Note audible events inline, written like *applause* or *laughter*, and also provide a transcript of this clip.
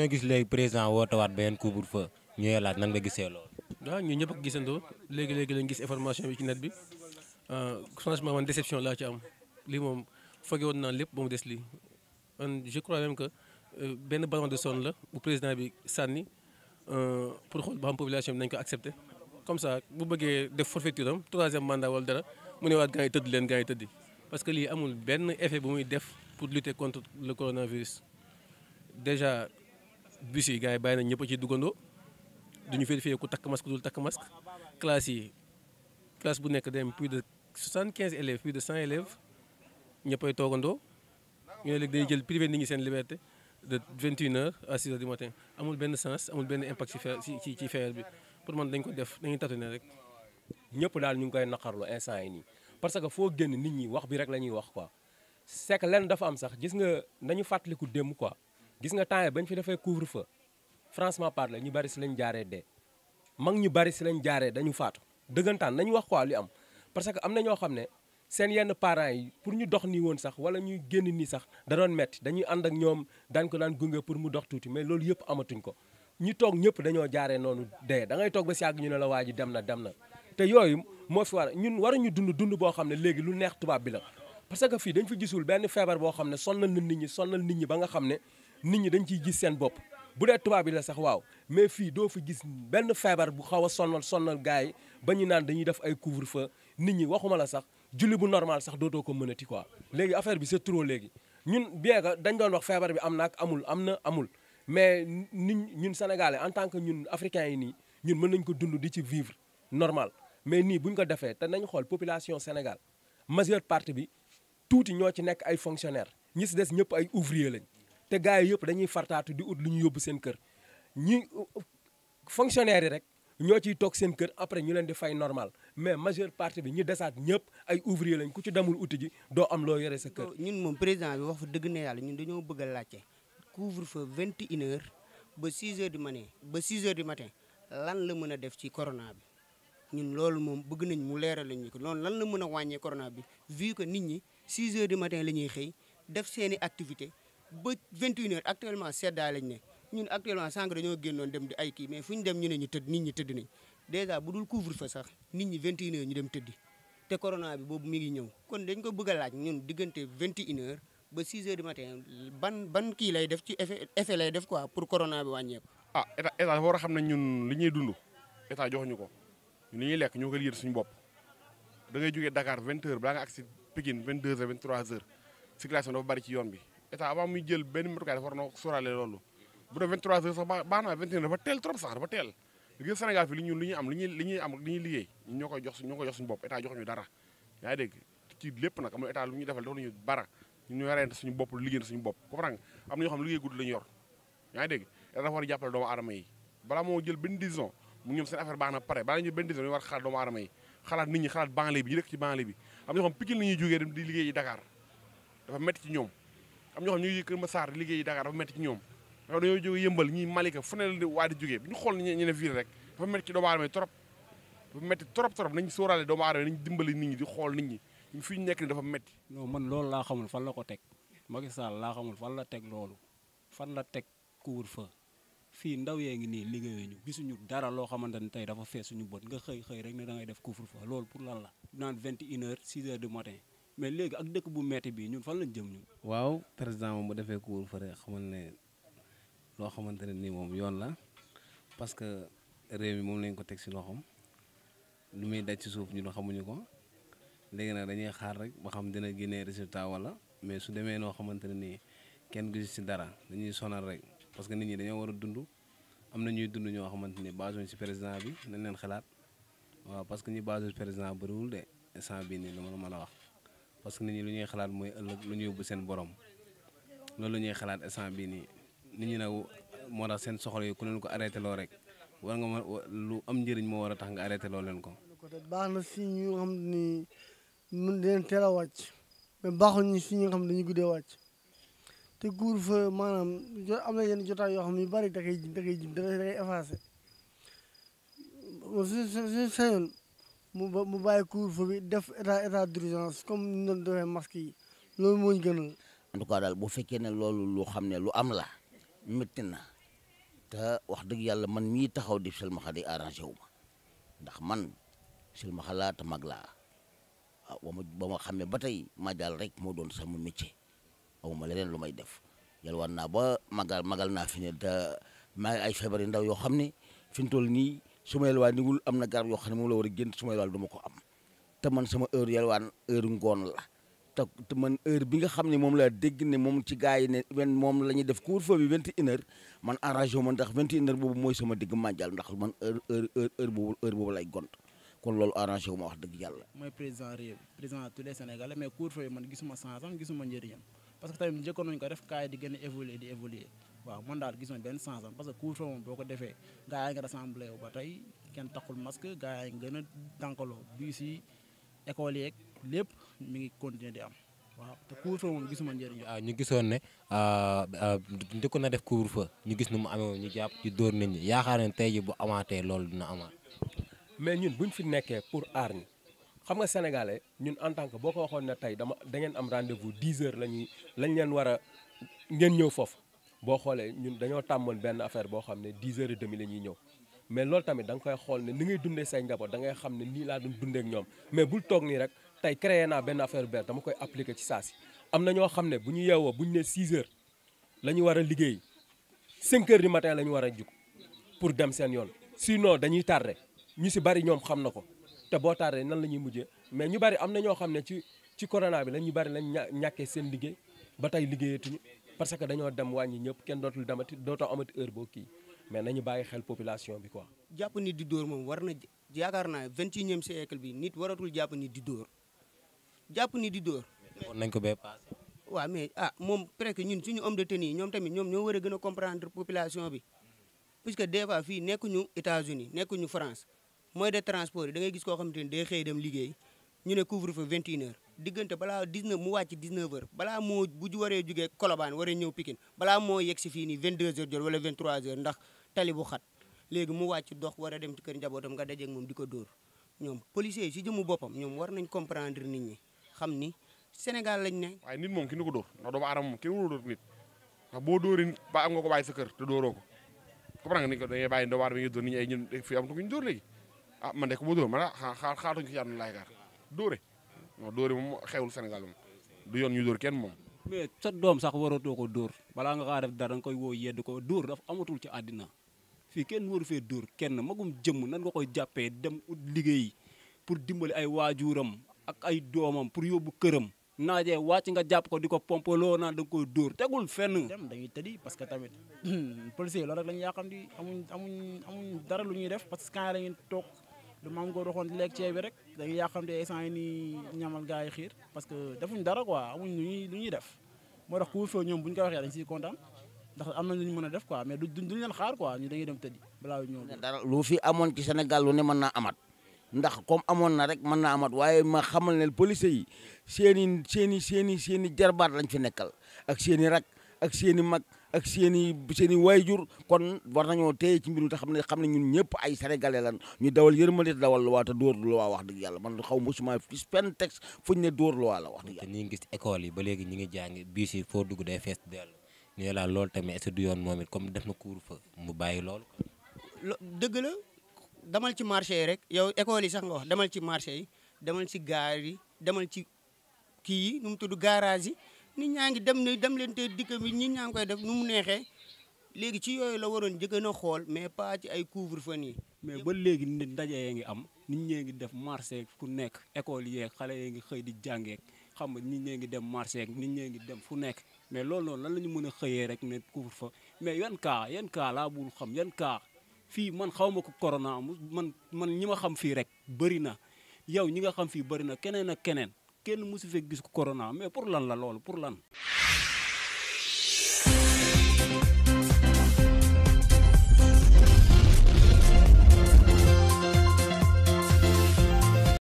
dañoo gis léegi président wootewaat beneen couvre-feu ñu ñëpp a gisandoo léegi léegi lañ gis information bi ci net bi euh, franchement man déception laa ci lii moom foge woon naa lépp ba des lii man crois même que euh, benn ballon de sonde la bu président bi sànni euh, pour xool ba xam population bi nañ ko accepté comme ça bu bëggee def forfaiture am troisième mandat wala dara mu ne waat gaa yi tëdd leen gaa yi tëddi parce que lii amul benn effet bu muy def pour lutter contre le coronavirus déjà bus yi yi bàyyi nañ ñëpp ci ciy duggandoo duñu vérifier ku takk masque dul takk masque classe yi classe bu nekk dem plus de soixante quinze élèves plus de cent élèves ñëppay toogandoo ñu ne léegi day jël privé nit ñi seen liberté de vingt une heures à six heures du matin amul benn sens amul benn impact ci ci ci feer bi pour man dañ ko def dañuy tâtonner rek. ñëpp daal ñu ngi koy naqarlu instant yi nii parce que foo génn nit ñi wax bi rek la ñuy wax quoi c'est que dafa am sax gis nga nañu fàttaliku démb quoi. gis nga temps bañ fi defee couvre feu franchement parler ñu bari si lañ jaaree dee mag ñu bari si lañ jaaree dañu faatu dëggantaan nañu wax quoi li am parce que am na ñoo xam ne seen yenn parents yi pour ñu dox nii woon sax wala ñuy génn nii sax da doon metti dañuy ànd ak ñoom daan ko daan gunge pour mu dox tuuti mais loolu yëpp amatuñ ko ñu toog ñëpp dañoo jaaree noonu dee dangay ngay toog ba si yàgg ñu ne la waa ji dem na dem na te yooyu moo fi war ñun waruñu dund dund boo xam ne léegi lu neex tubaab bi la parce que fii dañ fi gisul benn feebar boo xam ne sonnal na nit ñi sonnal nit ñi ba nga xam ne nit ñi dañ ciy gis seen bopp bu dee tubaab bi la sax waaw mais fii doo fi gis benn feebar bu xaw a sonnal sonnal gars yi ba ñu naan dañuy def ay couvre-feu nit ñi waxuma la sax julli bu normal sax dootoo ko mënati quoi. léegi affaire bi c'est trop léegi ñun bien que dañ doon wax feebar bi am na amul am na amul mais nit ñun sénégalais en tant que ñun africain yi nii ñun mën nañ ko dund di ci vivre normal mais nii bu ko defee te nañ xool population Sénégal majeure partie bi tuuti ñoo ci nekk ay fonctionnaires ñi si des ñëpp ay ouvrier lañ. te gars yi yëpp dañuy fartaatu di ut lu ñu yóbbu seen kër ñi fonctionnaire yi rek ñoo ciy toog seen kër après ñu leen di fay normal mais majeure partie bi ñu desaat ñëpp ay ouvrier lañ ko ci demul uti doo am loo yore sa kër. ñun moom président bi wax fa dëgg ne yàlla ñun dañoo bëgg a laajte couvre feu vingt et ba six heures du matin ba six heures du matin la mën a def ci corona bi. ñun loolu moom bëgg nañ mu leeral lañ ñu ko loolu lan la mën a wàññee corona bi vu que nit ñi 6 heures du la ñuy xëy def seeni activité ba vingt heures actuellement seddaay lañ ne ñun actuellement sànq dañoo génnoon dem di ay kii mais fu ñu dem ñu ne ñu tëdd nit ñi tëdd nañ dèjà bu dul couvre fa sax nit ñi 21 ñu dem tëdd te corona bi boobu mi ngi ñëw kon dañ ko bëgg a laaj ñun diggante vingt heures ba 6 heures du matin ban ban kii lay def ci effet effet lay def quoi pour corona bi wàññeeku. ah état état dafa war a xam ne ñun li ñuy dund état ñu ko ñun li ñuy lekk ñoo ko yër suñu bopp da ngay jógee Dakar 20 heures balaa nga agsi Pikine 22 heures 23 heures circulation dafa bari ci yoon bi état avant muy jël benn matukaay dafa war na sóoraale loolu bu dee 23 heures sax baax na 21 dafa teel trop sax dafa teel gis Sénégal fii li ñun li ñuy am li ñuy li ñuy am li ñuy liggéey ñoo koy jox ñoo koy jox suñu bopp état joxuñu dara yaa ngi dégg ci lépp nag amul état lu ñuy defal dafa ñu bara ñu yorente suñu bopp lu liggéey suñu bopp comprendre nga am na ñoo xam liggéey gudd la ñu yor yaa ngi dégg état dafa war a jàppale doomu aadama yi balaa moo jël benn décision mu ñoom seen affaire baax na pare balaa ñu jël benn décision ñu war xalaat doomu aadama yi xalaat nit ñi xalaat banlieue bi ñu dëkk ci banlieue bi am na ñoo xam Pikine la ñuy jógee dem di liggéey Dakar dafa métti ci ñoom am ñoo xam ñu ngi Kër Massar liggéey Dakar dafa métti ci ñoom dafa dañoo jóge yëmbal ñi Malika fu ne la waa di jógee bu ñu xool ñu ne ville rek dafa métti ci doomu aadama yi dimbali nit ñi xool nit ñi fi ñu nekk ni dafa métti non man loolu laa xamul fan la ko teg Macky Sall laa xamul fan la teg loolu fan la teg couvre fa fii ndaw yee ngi nii liggéeyuñu gisuñu dara loo xamante ne tey dafa fees suñu bët nga xëy xëy rek ne da ngay def couvre-feu loolu pour lan la naan vingt et une heures six heures du matin mais léegi ak dëkk bu metti bii ñun fan lañ jëm ñun. waaw président moom ba defee couvre-feu xamal ne loo xamante ne nii moom yoon la parce que réew mi moom lañ ko teg si loxom lu muy daj ci suuf ñun xamuñu ko léegi nag dañuy xaar rek ba xam dina génne résultat wala mais su demee noo xamante ne nii kenn gisu si dara dañuy sonal rek parce que nit ñi dañoo war a dund am na ñuy dund ñoo xamante ni basé si président bi nañ leen xalaat waaw parce que ñi basé président bëriwul de instant bii nii lu ma la mën a wax. parce que nit ñi lu ñuy xalaat mooy ëllëg lu ñu yóbbu seen borom loolu la ñuy xalaat instant bii nii nit ñi nag moo tax seen soxla yi ku leen ko arrêté loo rek war nga ma lu am njëriñ moo war a tax arrêté loo leen ko. baax na si ñu xam nii mën leen teel a wàcc mais baaxuñu si ñi nga xam ne dañuy guddee wàcc te couvre-feu maanaam am na yenn jotaay yoo xam ne yu bari da koy da koy da koy effacé suñu sañoon mu ba mu bàyyi def état état comme ni doon defee masque yi loolu moo ñu daal bu fekkee ne loolu lu xam ne lu am la métti na wax dëgg yàlla man mii taxaw di silmaxa di arrangé wu ma ndax man silmaxa laa te mag la waaw ah, ba ma xam ne ba tey ma daal rek moo doon sama métier aw ma leneen lu may def yàlla war naa ba magal magal naa fi ne ay feebar yu ndaw yoo xam ne fi mu toll nii. su ma yelwaan ni wul am na garab yoo xam ne moom la war a génn man sama bi nga xam ne moom laa dégg ne moom ci gars yi ne wen moom la ñuy def couvre-feu bi vingt et une heures man arrangé wu ma ndax vingt et une mooy sama digg màjjal ndax man heure heure heure boobu heure boobu lay gont wu ma wax dëgg yàlla. mooy président réew président tous les Sénégalais mais couvre-feu bi man gisuma sens am gisuma njëriñam parce que tamit njëkkoon nañu ko def kaay di gën a évoluer di évoluer waaw man daal gis ma benn sens am parce que couvre-feu moom boo ko defee gaa yaa ngi rassemblé wu ba tey kenn taxul masque gaa yaa ngi a tànkaloo bii si école yeeg lépp mi ngi continuer di am waaw te couvre-feu moom gisuma njëriñ. waaw ah, ñu gisoon ne ah, ah, njëkk na def couvre ñu gis nu mu amee ñu jàpp ci dóor nit ñi yaakaar ne tey ji bu amaatee loolu dina amaat. mais ñun buñ fi nekkee pour aar ñi xam nga sénégalais ñun en tant que boo ko waxoon ne tey dama da ngeen am rendez-vous 10 heures la ñuy lañ leen war a ngeen ñëw foofu. boo xoolee ñun dañoo tàmmoon benn affaire boo xam ne dix heures et demi la ñuy ñëw mais loolu tamit danga nga koy xool ne ni ngay dundee say njaboot da xam ne nii laa doon dundee ak ñoom mais bul toog rek tey créé naa benn affaire benn dama koy appliquer ci saa si am na ñoo xam ne bu ñu yeewoo bu ñu ne six heures la ñu war a liggéey cinq heures du matin la ñu war a jug pour dem seen yoon sinon dañuy tardé ñu si bari ñoom xam na ko te boo tardé nan la ñuy mujjee mais ñu bari am na ñoo xam ne ci ci corona bi la ñu bari lañ ñàkkee seen liggéey ba tey liggéeyatuñu parce que dañoo dem wàññi ñëpp kenn dootul demati dootoo amati heure boo kii mais nañu bàyyi xel population bi quoi. jàpp nit di dóor moom war na yaakaar naa vingt et unième siècle bi nit waratul jàpp nit di dóor jàpp nit di dóor. defoon nañ ko bee paase. waaw mais ah moom presque ñun suñu homme de tenue yi ñoom tamit ñoom ñoo war a gën a comprendre population bi puisque des fois fii nekkuñu États-Unis nekkuñu France moyen de transport yi da gis koo xamante ni day xëy dem liggéey ñu ne couvre-feu diggante balaa 19 mu wàcc 19 heures balaa moo bu waree jugee Colobane waree ñëw Pikine balaa moo yegg si fii nii 22 heures jot wala 23 heures ndax tali bu xat léegi mu wàcc dox waree dem ci kër njabootam nga dajeeg moom di ko dóor ñoom policiers yi jëmu boppam ñoom war nañ comprendre nit ñi xam ni Sénégal lañ ne. waaye nit moom ki ko door ndax doomu aadama moom ki warul dóor boo dóori ba nga ko bàyyi sa kër te ko comprendre nga ko da ngay bàyyi doomu aadama yi dóor nit ñi ay ñun fii amatuñu dóor léegi ah man de ko boo dóor man ah, xaar xaaratuñu ko yàlla laay gaar non dóor yi moom xewul Sénégal moom du yoon ñu dóor kenn moom. mais sa doom sax waratoo ko dóor balaa nga kaa def dara nga koy woo yedd ko dóor dafa amatul ci àddina fii kenn waru fee dóor kenn magum jëmm nan nga koy jàppee dem ut liggéey pour dimbali ay waajuram ak ay doomam pour yóbbu këram. naajee wàcc nga jàpp ko di ko pompoloo naan da nga koy dóor tegul fenn. dem dañuy tëddi parce que tamit *clears throat* policier loolu rek la di amuñ amuñ amuñ dara lu ñuy def parce que quand la ñuy lu maam góor waxoon di lekk ceeb bi rek dañuy yàqamte instant yi nii ñamal gars yi xiir parce que defuñ dara quoi amuñ lu ñuy lu ñuy def moo tax couvre-feu ñoom bu ñu ko waxee dañ siy kontaan ndax am na lu ñu mën a def quoi mais du duñ leen xaar quoi ñu dañuy dem tëddi balaa ñëw dara lu fi amoon ci Sénégal lu ne mën naa amat ndax comme amoon na rek mën naa amat waaye ma xamal ne policiers yi seen i seen i seen i seen i jarbaat lañ fi nekkal ak seen i rak ak seen mag ak seen i seen i kon war nañoo téye ci mbir mi te xam ne xam ne ñun ñëpp ay sénégalais lan ñu dawal yërmande dawal waa te dóor luwaa wax dëgg yàlla man xaw mosuma gis fenn texte fu ñu ne dóor luwaa la wax dëgg yàlla. te ñu ngi gis école yi ba léegi ñu ngi jàng biis yi foo dugg day fees dellu ñu la loolu tamit est du yoon moom it comme def na couvre-feu mu bàyyi loolu. dëgg la demal ci marché yi rek yow école yi sax nga wax demal ci marché yi demal ci gaar yi demal ci kii yi nu mu yi nit ñaa ngi dem ne dem leen te dikk bi nit ñaa ngi koy def nu mu neexee léegi ci yooyu la waroon di gën a xool mais pas ay couvre feu nii. mais ba léegi nit ndaje yee ngi am nit ñee ngi def marché ku nekk école yeeg xale yee ngi xëy di jàngeek xam nga nit ñee ngi dem marché ni ñee ngi dem fu nekk mais loolu noonu lan la ñu mën a xëyee rek ne couvre fa mais yan kaa yan cas laa xam yan kaa fii man xaw ma ko corona man man ñi xam fii rek bëri na yow ñi nga xam fii bëri na keneen ak keneen. kenn mësu fekk gis ko corona mais pour lan la loolu pour lan.